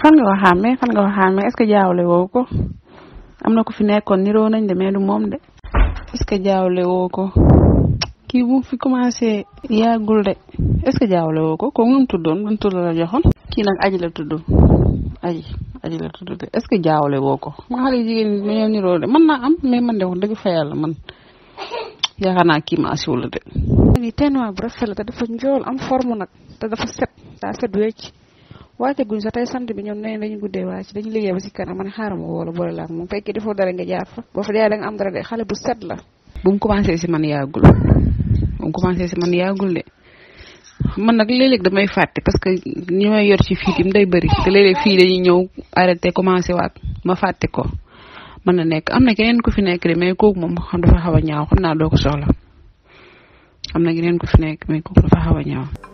fan nga ko xàmmee fan nga ko xàmmee que jaawle woo ko am na ku fi nekkoon niroo nañ de mais moom de est-ce que jaawle woo ko kii bu fi commencé yàggul de est que jaawle woo ko ko mu tuddoon ban tur la kii nag aji la tudd aji aji la de est-ce que jaawle woo ko ma xale jigéen ñi dañoo mën naa am mais man de wax dëgg man yaakaar naa kii ma asiwul de. tey nii tey bu rafet la njool am forme nag te set daa wàcce guñ sa tey samedi bi ñoom nee dañu guddee wàcc dañu liggéey ba si kanam man xaaral ma woola boole la ak moom fekkee defoo dara nga jaar fa boo fa jaay da am dara xale bu set la bu mu commencé si man yaagul bu mu commencé si man man nag léeg damay fàtte parce que ñi may yor ci fii day bëri te léeg-léeg fii ñëw arrêté commencé waat ma fàtte ko mën na nekk am na keneen ku fi nekk de mais kooku moom xam dafa xaw a ñaaw xam naa doo ko soxla am na keneen ku fi nekk mais kooku dafa xaw a ñaaw